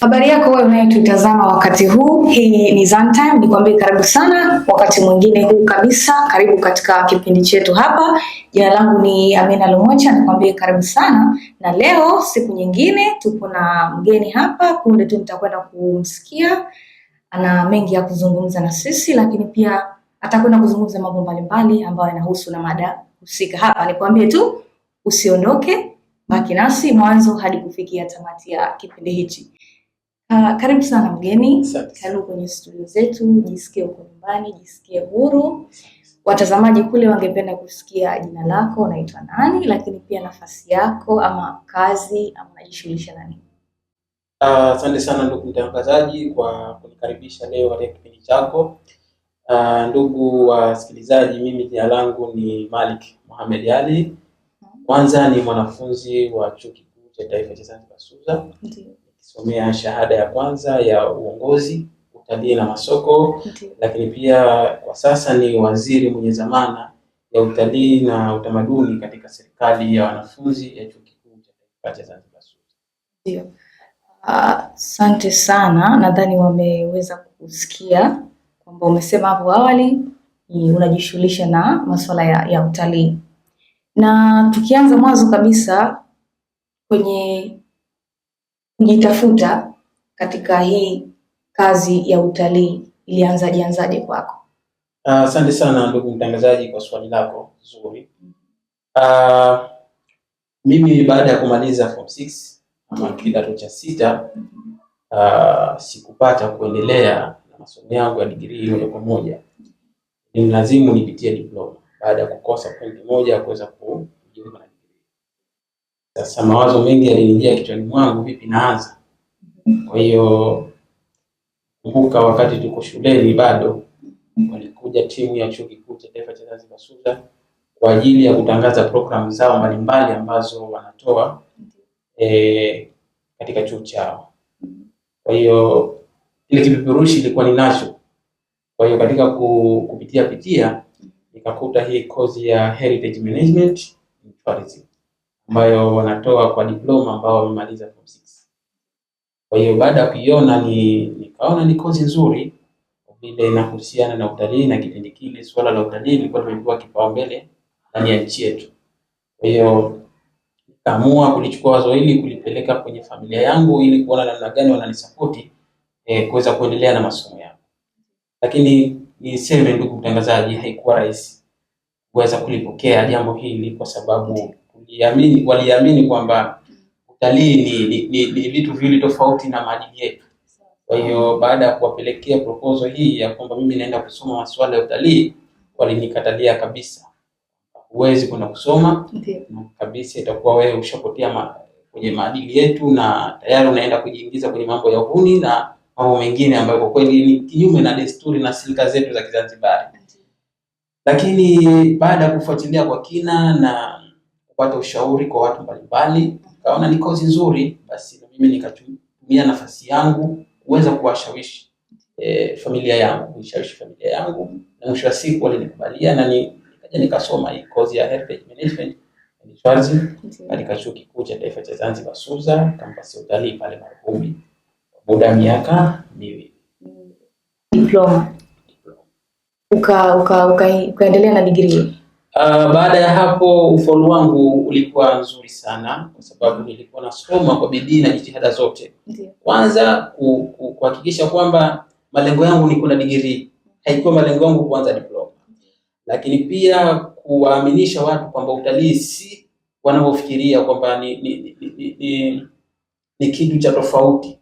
Habari yako wewe unayetutazama wakati huu, hii ni Zantime, nikwambie karibu sana wakati mwingine huu kabisa. Karibu katika kipindi chetu hapa. Jina langu ni Amina Lumocha, nikwambie karibu sana, na leo siku nyingine tupo na mgeni hapa, punde tu nitakwenda kumsikia. Ana mengi ya kuzungumza na sisi, lakini pia atakwenda kuzungumza mambo mbalimbali ambayo yanahusu na mada husika hapa. Nikwambie tu usiondoke, baki nasi mwanzo hadi kufikia tamati ya kipindi hichi. Uh, karibu sana mgeni, karibu kwenye studio zetu. Jisikie uko nyumbani, jisikie huru. Watazamaji kule wangependa kusikia jina lako, unaitwa nani, lakini pia nafasi yako ama kazi ama unajishughulisha na nini? Ah, asante uh, sana ndugu mtangazaji kwa kunikaribisha leo katika kipindi chako. Uh, ndugu wasikilizaji, uh, mimi jina langu ni Malik Mohamed Ali. Mm-hmm. Kwanza ni mwanafunzi wa Chuo Kikuu cha Taifa cha Zanzibar SUZA. Ndiyo somea shahada ya kwanza ya uongozi, utalii na masoko Ndi. Lakini pia kwa sasa ni waziri mwenye zamana ya utalii na utamaduni katika serikali ya wanafunzi ya chuo kikuu cha taifa cha Zanzibar SUZA. Ndio. Ah, asante uh, sana. Nadhani wameweza kusikia kwamba umesema hapo awali unajishughulisha na masuala ya, ya utalii na tukianza mwanzo kabisa kwenye kujitafuta katika hii kazi ya utalii ilianzaje anzaje kwako? Ah, asante uh, sana ndugu mtangazaji kwa swali lako zuri. Uh, mimi baada ya kumaliza form 6 ama kidato cha sita uh, sikupata kuendelea na masomo yangu ya digrii moja kwa moja, ni lazima nipitie diploma baada ya kukosa pointi moja kuweza sasa mawazo mengi yalinijia kichwani mwangu, vipi naanza? Kwa hiyo kumbuka, wakati tuko shuleni bado walikuja timu ya chuo kikuu cha taifa cha Zanzibar SUZA kwa ajili ya kutangaza programu zao mbalimbali ambazo wanatoa e, katika chuo chao. Kwa hiyo ile kipeperushi ilikuwa ninacho. Kwa hiyo katika kupitia pitia nikakuta hii kozi ya heritage management tourism ambayo wanatoa kwa diploma ambao wamemaliza form 6. Kwa hiyo baada ya kuiona ni nikaona ni kozi nzuri vile inahusiana na utalii, na kipindi kile swala la utalii lilikuwa limepewa kipaumbele ndani ya nchi yetu. Kwa hiyo nikaamua kulichukua wazo hili kulipeleka kwenye familia yangu ili kuona namna gani wananisapoti eh, kuweza kuendelea na masomo yangu. Lakini niseme ndugu mtangazaji, haikuwa rahisi kuweza kulipokea jambo hili kwa sababu waliamini waliamini kwamba utalii ni, ni, ni, ni vitu viwili tofauti na maadili yetu. Kwa hiyo baada ya kuwapelekea proposal hii ya kwamba mimi naenda kusoma masuala ya utalii, walinikatalia kabisa, huwezi kwenda kusoma kabisa, itakuwa wewe ushapotea ma, kwenye maadili yetu na tayari unaenda kujiingiza kwenye mambo ya uhuni na mambo mengine ambayo kwa kweli ni kinyume na desturi na silika zetu za Kizanzibari. Lakini baada ya kufuatilia kwa kina na kupata ushauri kwa watu mbalimbali, kaona ni kozi nzuri, basi na mimi nikatumia nafasi yangu kuweza kuwashawishi e, familia yangu kuishawishi familia yangu, na mwisho wa siku walinikubalia na nikaja nikasoma hii kozi ya heritage management Chwazi katika Chuo Kikuu cha Taifa cha Zanzibar SUZA kampasi ya utalii pale Marhumi muda miaka miwili diploma ukaendelea uka, uka, uka na digrii Uh, baada ya hapo ufaulu wangu ulikuwa nzuri sana kwa sababu nilikuwa nasoma kwa bidii na jitihada zote. Kwanza kuhakikisha kwamba malengo yangu ni kuna digrii, haikuwa malengo yangu kuanza diploma, lakini pia kuwaaminisha watu kwamba utalii si wanavyofikiria kwamba ni, ni, ni, ni, ni, ni kitu cha tofauti,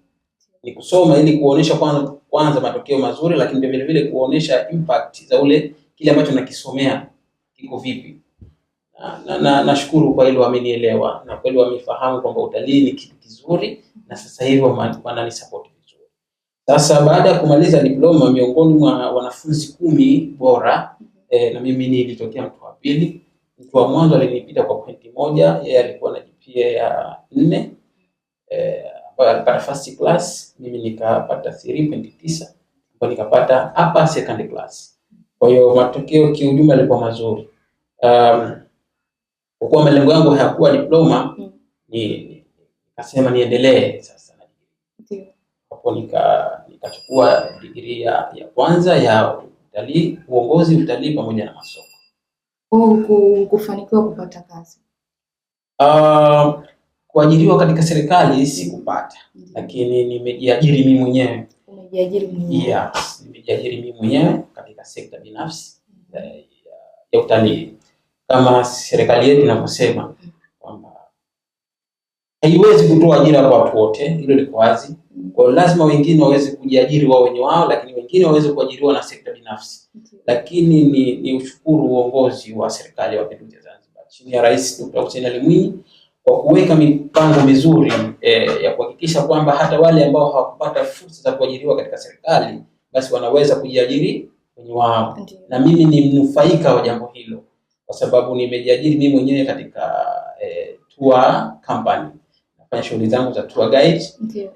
ni kusoma ili kuonesha kwanza, kwanza matokeo mazuri, lakini vile vile kuonesha impact za ule kile ambacho nakisomea kiko vipi. Nashukuru na, na, na kwa hilo wamenielewa na kweli wamefahamu kwamba utalii ni kitu kizuri, na sasa hivi wananisapoti vizuri. Sasa baada ya kumaliza diploma, miongoni mwa wanafunzi kumi bora eh, na mimi nilitokea mtu wa pili. Mtu wa mwanzo alinipita kwa pointi moja, yeye alikuwa na GPA ya nne eh, ambayo eh, alipata first class, mimi nikapata 3.9 ndipo nikapata upper second class kwa hiyo matokeo kiujumla yalikuwa mazuri. Um, kwa kuwa malengo yangu hayakuwa diploma ni nikasema niendelee sasa na Hapo nika nikachukua degree ya, ya kwanza ya utalii, uongozi utalii pamoja na masoko. kufanikiwa kupata kazi. Uh, kuajiriwa katika serikali sikupata, lakini nimejiajiri mimi mwenyewe umejiajiri mwenyewe? Yes, nimejiajiri mimi mwenyewe katika sekta binafsi eh, ya utalii kama serikali yetu inavyosema kwamba haiwezi kutoa ajira kwa watu wote, hilo liko wazi. Kwa hiyo lazima wengine waweze kujiajiri wao wenye wao, lakini wengine waweze kuajiriwa na sekta binafsi. Lakini ni, ni ushukuru uongozi wa serikali ya mapinduzi ya Zanzibar chini ya Rais Dr. Hussein Ali Mwinyi kwa kuweka mipango mizuri eh, ya kuhakikisha kwamba hata wale ambao hawakupata fursa za kuajiriwa katika serikali basi wanaweza kujiajiri kwenye wao. Na mimi ni mnufaika wa jambo hilo kwa sababu nimejiajiri mimi mwenyewe katika eh, tour company nafanya shughuli zangu za tour guide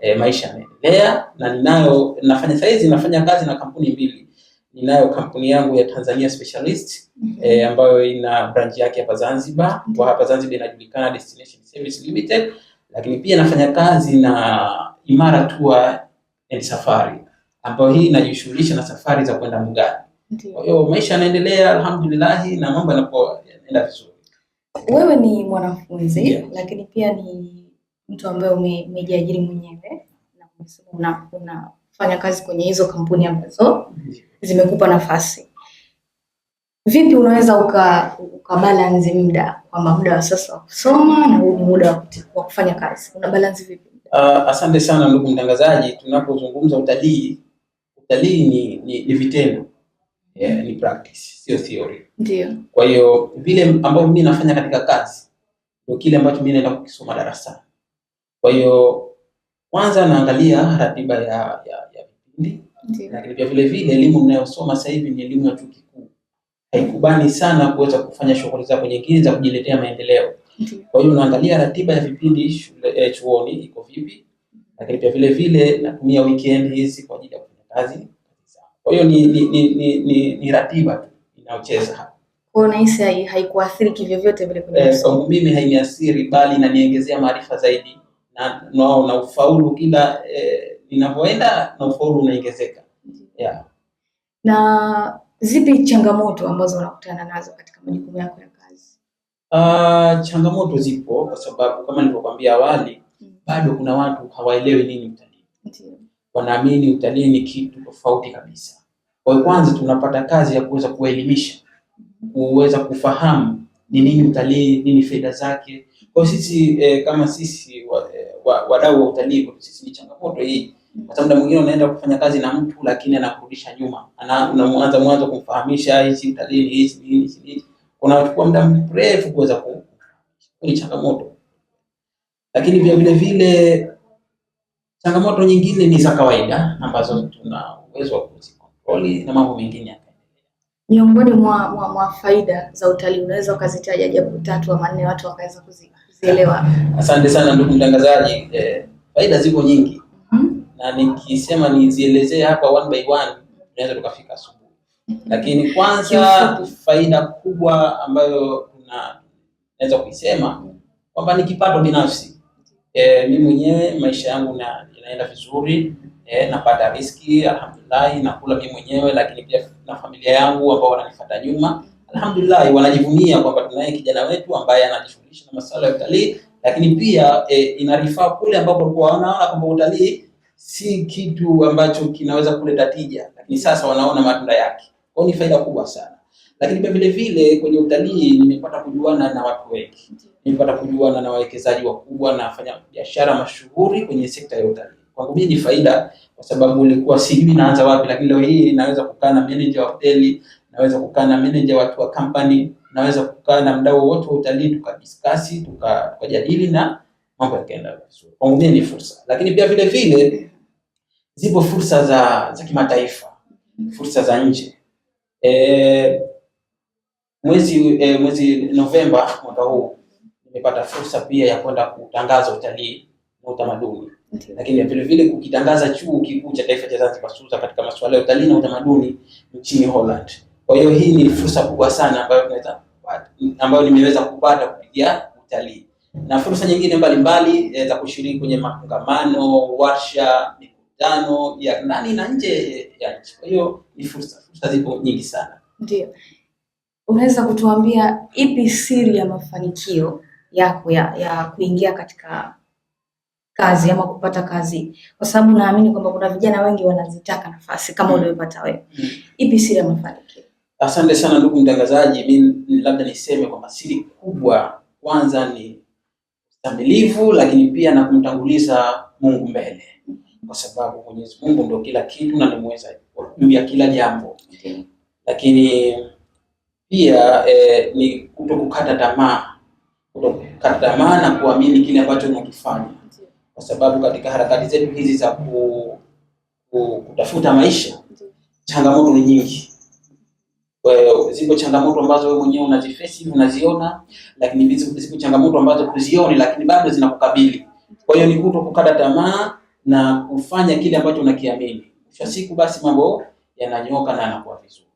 eh, maisha yanaendelea na ninayo nafanya saizi nafanya kazi na kampuni mbili ninayo kampuni yangu ya Tanzania Specialist mm -hmm. e, ambayo ina branch yake hapa Zanzibar mm -hmm. kwa hapa Zanzibar inajulikana Destination Service Limited, lakini pia nafanya kazi na Imara Tour and Safari ambayo hii inajishughulisha na safari za kwenda mbugani. Kwa hiyo maisha yanaendelea alhamdulillah, na mambo yanaenda vizuri. Wewe ni mwanafunzi yeah. lakini pia ni mtu ambaye umejiajiri mwenyewe na una kufanya kazi kwenye hizo kampuni ambazo zimekupa nafasi. Vipi unaweza uka, uka balance muda kwamba muda wa sasa wa kusoma na huu muda wa kufanya kazi, una balance vipi? Uh, asante sana ndugu mtangazaji. Tunapozungumza utalii, utalii ni, ni, ni vitendo yeah, ni practice, sio theory. Ndio. Kwa hiyo vile ambavyo mimi nafanya katika kazi ndio kile ambacho mimi naenda kukisoma darasani. Kwa hiyo kwanza naangalia ratiba ya, ya, Ndi? Lakini pia vile vile elimu mnayosoma sasa hivi ni elimu ya chuo kikuu, haikubani sana kuweza kufanya shughuli zako nyingine za kujiletea maendeleo. Kwa hiyo unaangalia ratiba ya vipindi shule, eh, chuoni iko vipi, lakini pia vile vile natumia weekend hizi kwa ajili ya kufanya kazi. Kwa hiyo ni, ni, ni, ni, ni, ni ratiba tu inayocheza hapa. Unahisi haikuathiri kivyovyote vile kwenye eh, kwangu mimi hainiathiri bali inaniongezea maarifa zaidi na, na, na ufaulu kila eh, inapoenda na ufaulu unaongezeka. Yeah. Na zipi changamoto ambazo unakutana nazo katika majukumu yako ya kazi? Uh, changamoto zipo kwa sababu kama nilivyokuambia awali mm. bado kuna watu hawaelewi nini utalii. Wanaamini utalii ni kitu tofauti kabisa. Kwa hiyo kwanza tunapata kazi ya kuweza kuelimisha, mm-hmm. kuweza kufahamu ni nini utalii, nini faida zake. Kwa sisi eh, kama sisi eh, wadau wa, wa, wa utalii, sisi ni changamoto hii hata muda mwingine unaenda kufanya kazi na mtu lakini anakurudisha nyuma, unaanza mwanzo kumfahamisha hichi dalili hizi nini hizi, unachukua muda mrefu kuweza ku ni changamoto. Lakini pia vile vile changamoto nyingine ni za kawaida ambazo tuna uwezo wa kuzikontroli na mambo mengine. Miongoni mwa, mwa, mwa faida za utalii unaweza ukazitaja japo tatu au manne watu wakaweza kuzielewa? Asante sana ndugu mtangazaji. Eh, faida ziko nyingi. mm -hmm na nikisema nizielezee hapa one by one tunaweza tukafika asubuhi, lakini kwanza faida kubwa ambayo tunaweza kuisema kwamba ni kipato binafsi. E, mimi mwenyewe maisha yangu na, inaenda vizuri e, napata riski alhamdulillah, nakula mimi mwenyewe, lakini pia na familia yangu ambao wananifuata nyuma alhamdulillah, wanajivunia kwamba tunaye kijana wetu ambaye anajishughulisha na masuala ya utalii, lakini pia e, inarifaa kule ambapo wanaona kwamba utalii si kitu ambacho kinaweza kuleta tija, lakini sasa wanaona matunda yake. Kwa ni faida kubwa sana lakini pia vile vile kwenye utalii nimepata kujuana na watu wengi, nimepata kujuana na wawekezaji wakubwa na wafanya biashara mashuhuri kwenye sekta ya utalii. Kwangu mimi ni faida, kwa sababu nilikuwa sijui naanza wapi, lakini leo hii naweza kukaa na manager wa hoteli, naweza kukaa na manager watu wa company, naweza kukaa na mdau wote wa utalii tukadiskasi, tukajadili tuka na mambo yakaenda vizuri. Kwa mwingine ni fursa, lakini pia vile vile zipo fursa za za kimataifa, fursa za nje. E, mwezi e, mwezi Novemba mwaka huu nimepata fursa pia ya kwenda kutangaza utalii na utamaduni Okay. Lakini vile vile kukitangaza chuo kikuu cha taifa cha Zanzibar SUZA katika masuala ya utalii na utamaduni nchini Holland. Kwa hiyo hii ni fursa kubwa sana ambayo tunaweza ambayo nimeweza kupata kupitia utalii na fursa nyingine mbalimbali eh, za kushiriki kwenye makongamano, warsha, mikutano ya ndani na nje ya nchi. Kwa hiyo ni fursa, fursa zipo nyingi sana. Ndio, unaweza kutuambia ipi siri ya mafanikio yako ya, ya kuingia katika kazi ama kupata kazi, kwa sababu naamini kwamba kuna vijana wengi wanazitaka nafasi kama mm. ulivyopata wewe mm. ipi siri ya mafanikio? Asante sana ndugu mtangazaji, mimi labda niseme kwamba siri kubwa kwanza ni mkamilifu, lakini pia na kumtanguliza Mungu mbele, kwa sababu Mwenyezi Mungu ndio kila kitu na ni mweza juu ya kila jambo okay. Lakini pia eh, ni kutokukata tamaa, kutokukata tamaa na kuamini kile ambacho unakifanya, kwa sababu katika harakati zetu hizi za ku, ku, kutafuta maisha changamoto ni nyingi ziko changamoto ambazo wewe mwenyewe unazifesi unaziona, lakini zipo changamoto ambazo huzioni, lakini bado zinakukabili. Kwa hiyo ni kuto kukata tamaa na kufanya kile ambacho unakiamini. Kwa siku basi mambo yananyoka na yanakuwa vizuri,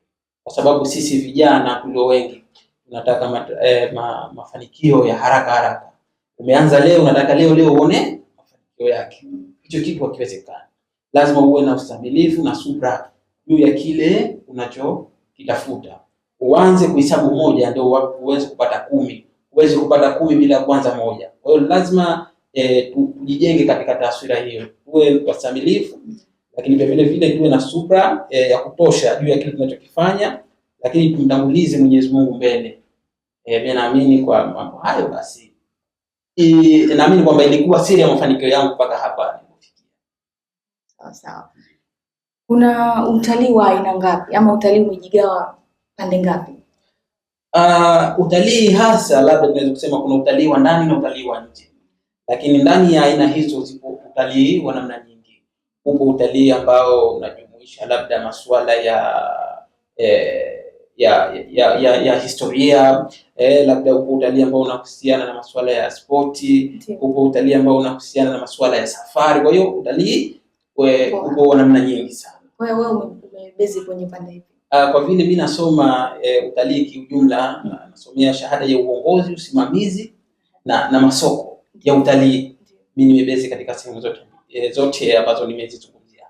kwa sababu sisi vijana tulio wengi tunataka ma, eh, ma, mafanikio ya haraka haraka. Umeanza leo, unataka leo leo uone mafanikio yake. Hicho kitu hakiwezekani. Lazima uwe na ustahimilivu na subra juu ya kile unacho itafuta, uanze kuhesabu moja ndio uweze kupata kumi. Huwezi kupata kumi bila kwanza moja. Kwa hiyo lazima e, tujijenge katika taswira hiyo, tuwe wasamilifu, lakini vile vile tuwe na supra e, eh, ya kutosha juu ya kile tunachokifanya, lakini tumtangulize Mwenyezi Mungu mbele. E, mimi naamini kwa mambo hayo basi, naamini kwamba ilikuwa siri ya mafanikio yangu mpaka hapa nilipofikia. Sawa sawa. Kuna utalii wa aina ngapi ama utalii umejigawa pande ngapi? Uh, utalii hasa labda tunaweza kusema kuna utalii wa ndani na utalii wa nje, lakini ndani ya aina hizo zipo utalii wa namna nyingi. Upo utalii ambao unajumuisha labda masuala ya eh, ya, ya ya ya historia eh, labda upo utalii ambao unahusiana na masuala ya spoti, upo utalii ambao unahusiana na masuala ya safari. Kwa hiyo utalii eh, upo wa namna nyingi sana wewe umebezi kwenye pande ipi? Ah, kwa vile mi nasoma e, utalii kiujumla, nasomea shahada ya uongozi, usimamizi na na masoko ya utalii. mi nimebezi katika sehemu zote e, zote ambazo nimezizungumzia.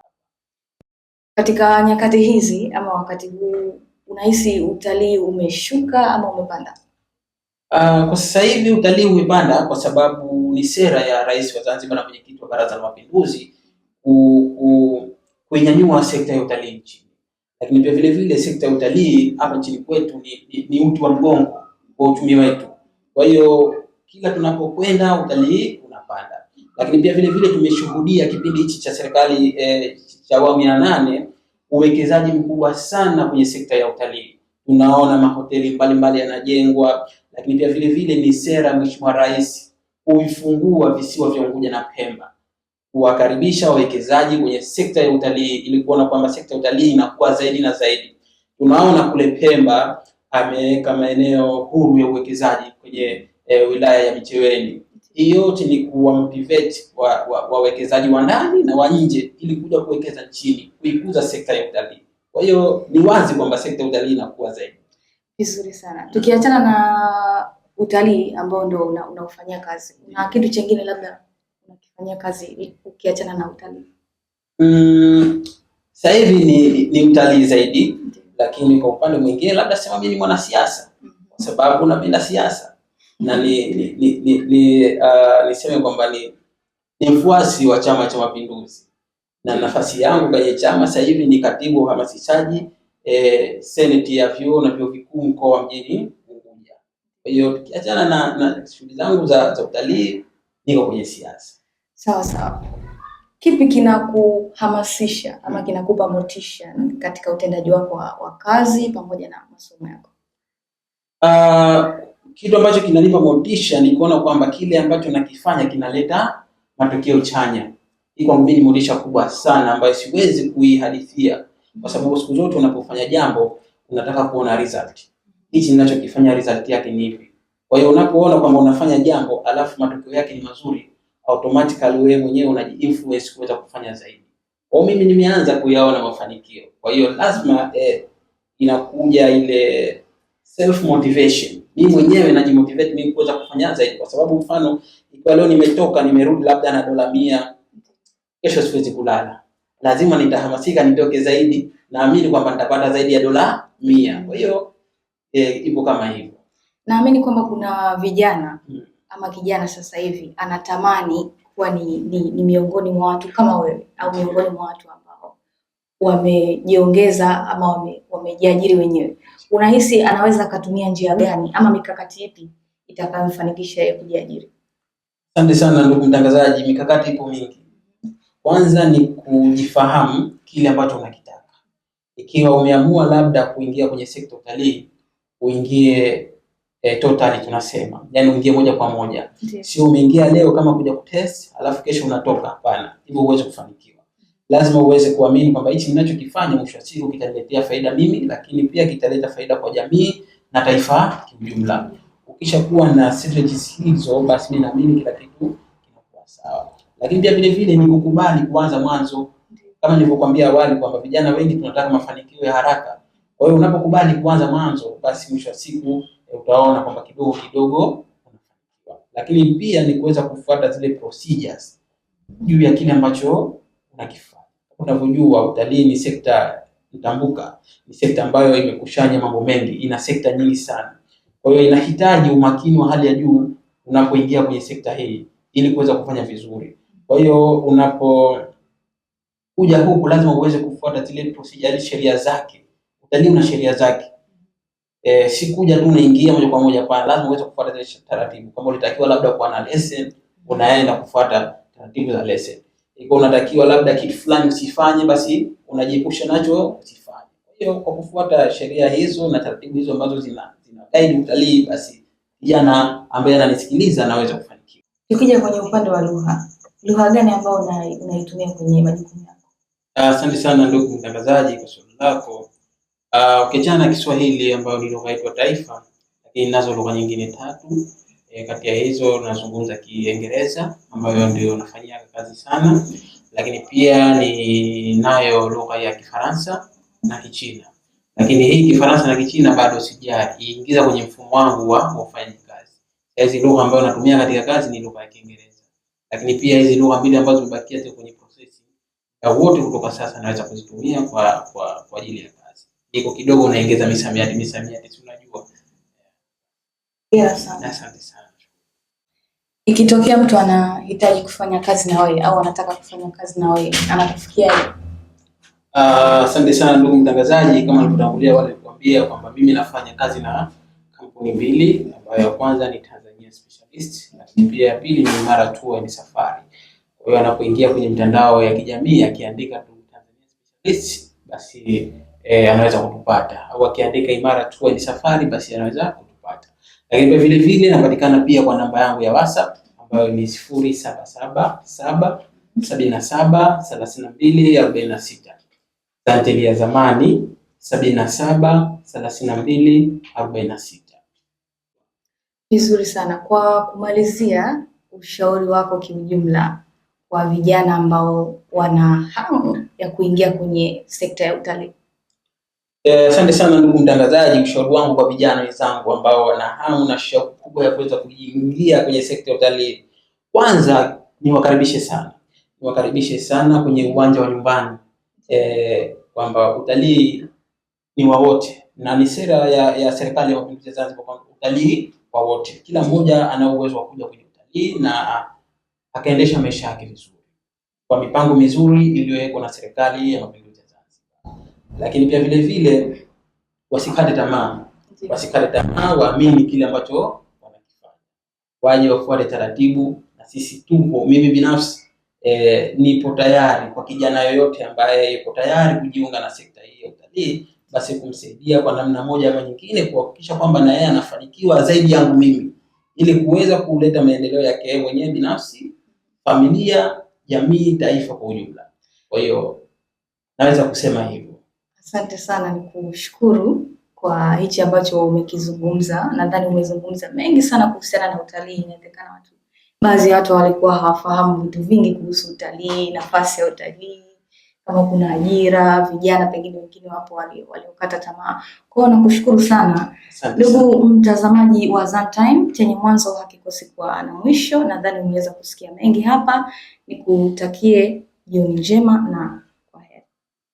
Katika nyakati hizi ama wakati huu unahisi utalii umeshuka ama umepanda? Uh, kwa sasa hivi utalii umepanda kwa sababu ni sera ya Rais wa Zanzibar na mwenyekiti wa Baraza la Mapinduzi ku kuinyanyua sekta ya utalii nchini. Lakini pia vile vile sekta ya utalii hapa nchini kwetu ni, ni, ni uti wa mgongo kwa uchumi wetu. Kwa hiyo kila tunapokwenda utalii unapanda. Lakini pia vile vile tumeshuhudia kipindi hichi cha serikali eh, cha awamu ya nane uwekezaji mkubwa sana kwenye sekta ya utalii. Tunaona mahoteli mbalimbali yanajengwa, lakini pia vile vile ni sera Mheshimiwa Rais kuifungua visiwa vya Unguja na Pemba kuwakaribisha wawekezaji kwenye sekta ya utalii ili kuona kwamba sekta ya utalii inakuwa zaidi na zaidi. Tunaona kule Pemba ameweka maeneo huru ya uwekezaji kwenye e, wilaya ya Micheweni. Hii yote ni kuwa wawekezaji wa, wa, wa ndani na wa nje ili kuja kuwekeza nchini, kuikuza sekta ya utalii. Kwa hiyo ni wazi kwamba sekta ya utalii inakuwa zaidi vizuri sana. Tukiachana na utalii ambao ndio unaofanyia una kazi na kitu chengine labda kufanyia kazi ukiachana na utalii? Mm, sasa hivi ni, ni utalii zaidi Lakini kwa upande mwingine labda sema mimi ni mwanasiasa Kwa mhm. sababu napenda siasa na ni, ni, ni, ni, ni uh, niseme kwamba ni, ni mfuasi wa Chama cha Mapinduzi na nafasi yangu kwenye chama sasa hivi ni katibu wa uhamasishaji eh, seneti ya vyuo na vyuo vikuu mkoa wa mjini Unguja. Kwa hiyo tukiachana na, na shughuli zangu za, za utalii niko kwenye siasa. Sawa sawa. Kipi kinakuhamasisha ama kinakupa motisha katika utendaji wako wa, wa kazi pamoja na masomo yako? Uh, kitu ambacho kinanipa motisha ni kuona kwamba kile ambacho nakifanya kinaleta matokeo chanya. Hii kwangu mimi ni motisha kubwa sana ambayo siwezi kuihadithia, kwa sababu siku zote unapofanya jambo unataka kuona result. Hichi ninachokifanya result yake ni ipi? Kwa hiyo unapoona kwamba unafanya jambo alafu matokeo yake ni mazuri automatically wewe mwenyewe unajiinfluence kuweza kufanya zaidi. Kwa mimi nimeanza kuyaona mafanikio, kwa hiyo lazima eh, inakuja ile self motivation, mimi mwenyewe najimotivate mimi kuweza kufanya zaidi, kwa sababu mfano ikiwa leo nimetoka nimerudi labda na dola mia, kesho siwezi kulala, lazima nitahamasika nitoke zaidi, naamini kwamba nitapata zaidi ya dola mia. Kwa hiyo eh, ipo kama hivyo. Naamini kwamba kuna vijana hmm ama kijana sasa hivi anatamani kuwa ni, ni, ni miongoni mwa watu kama wewe au miongoni mwa watu ambao wamejiongeza ama wame, wamejiajiri wenyewe, unahisi anaweza akatumia njia gani ama mikakati ipi itakayomfanikisha yeye kujiajiri? Asante sana ndugu mtangazaji, mikakati ipo mingi. Kwanza ni kujifahamu kile ambacho unakitaka. Ikiwa umeamua labda kuingia kwenye sekta utalii, uingie eh, totally tunasema yani uingie moja kwa moja, sio umeingia leo kama kuja kutest alafu kesho unatoka. Hapana, hivyo uweze kufanikiwa. Lazima uweze kuamini kwamba hichi ninachokifanya mwisho wa siku kitaletea faida mimi, lakini pia kitaleta faida kwa jamii na taifa kiujumla. kuwa na strategies hizo, basi mimi naamini kila kitu kinakuwa sawa. Lakini pia vile vile ni kukubali kuanza mwanzo, kama nilivyokuambia awali kwamba vijana wengi tunataka mafanikio ya haraka. Kwa hiyo unapokubali kuanza mwanzo, basi mwisho wa siku utaona kwamba kidogo kidogo unafanikiwa, lakini pia ni kuweza kufuata zile procedures juu ya kile ambacho unakifanya. Unavyojua, utalii ni sekta itambuka, ni sekta ambayo imekushanya mambo mengi, ina sekta nyingi sana. Kwa hiyo inahitaji umakini wa hali ya juu unapoingia kwenye sekta hii ili kuweza kufanya vizuri. Kwa hiyo unapokuja huku lazima uweze kufuata zile procedures, sheria zake. Utalii una sheria zake. E, sikuja tu unaingia moja kwa moja pale, lazima uweze kufuata zile taratibu, kama ulitakiwa labda kuwa na lesson, unaenda kufuata taratibu za lesson. Iko unatakiwa labda kitu fulani usifanye, basi unajiepusha nacho usifanye. Kwa hiyo kwa kufuata sheria hizo na taratibu hizo ambazo zina zina guide utalii, basi kijana ambaye ananisikiliza anaweza kufanikiwa. Tukija kwenye upande wa lugha, lugha gani ambayo unaitumia kwenye majukumu yako? Asante sana ndugu mtangazaji kwa swali lako. Ah, ukiachana uh, na Kiswahili ambayo ni lugha yetu ya taifa, lakini nazo lugha nyingine tatu e, kati ya hizo nazungumza Kiingereza ambayo ndio nafanyia kazi sana, lakini pia ni nayo lugha ya Kifaransa na Kichina, lakini hii Kifaransa na Kichina bado sijaiingiza kwenye mfumo wangu wa kufanya kazi. Hizi lugha ambayo natumia katika kazi ni lugha ya Kiingereza, lakini pia hizi lugha mbili ambazo zimebakia ziko kwenye prosesi ya wote, kutoka sasa naweza kuzitumia kwa kwa kwa ajili ya kazi iko kidogo, unaongeza misamiati misamiati, si unajua. Yeah, sana. Asante sana. Ikitokea mtu anahitaji kufanya kazi na wewe au anataka kufanya kazi na wewe anakufikia? Ah, asante uh, sana ndugu mtangazaji, kama nilivyotangulia wale kuambia kwamba mimi nafanya kazi na kampuni mbili, ambayo ya kwanza ni Tanzania Specialist, na pia ya pili ni Mara Tour and Safari. Kwa hiyo anapoingia kwenye mtandao ya kijamii akiandika tu Tanzania Specialist basi e, anaweza kutupata au akiandika Imara Tour ni Safari basi anaweza kutupata. Lakini vile vile napatikana pia kwa namba yangu ya WhatsApp ambayo ni 0777 77 32 46. sita ya zamani 77 32 46. Vizuri sana. Kwa kumalizia, ushauri wako kiujumla kwa vijana ambao wana hamu ya kuingia kwenye sekta ya utalii? Eh, asante sana ndugu mtangazaji. Ushauri wangu kwa vijana wenzangu ambao wana hamu na shauku kubwa ya kuweza kuingia kwenye sekta ya utalii, kwanza niwakaribishe sana, niwakaribishe sana kwenye uwanja wa nyumbani e, kwamba utalii ni wa wote na ni sera ya, ya serikali ya mapinduzi ya Zanzibar kwamba utalii wa wote, kila mmoja ana uwezo wa kuja kwenye utalii na akaendesha maisha yake vizuri kwa mipango mizuri iliyowekwa na serikali ya mapinduzi lakini pia vile vile wasikate tamaa, wasikate tamaa, waamini kile ambacho wanakifanya, waje wafuate taratibu. Na sisi tupo, mimi binafsi e, nipo tayari kwa kijana yoyote ambaye yuko tayari kujiunga na sekta hii ya utalii, basi kumsaidia kwa namna moja ama nyingine, kuhakikisha kwamba na yeye anafanikiwa zaidi yangu mimi, ili kuweza kuleta maendeleo yake yeye mwenyewe binafsi, familia, jamii, taifa kwa ujumla. Kwa hiyo naweza kusema hivyo. Asante sana ni kushukuru kwa hichi ambacho umekizungumza. Nadhani umezungumza mengi sana kuhusiana na utalii. Inawezekana watu baadhi ya watu walikuwa hawafahamu vitu vingi kuhusu utalii, nafasi ya utalii, kama kuna ajira, vijana pengine wengine wapo waliokata wali tamaa. Kwa hiyo nakushukuru sana. sana. Ndugu mtazamaji wa Zantime, chenye mwanzo hakikosi kuwa na mwisho. Nadhani umeweza kusikia mengi hapa, nikutakie jioni njema na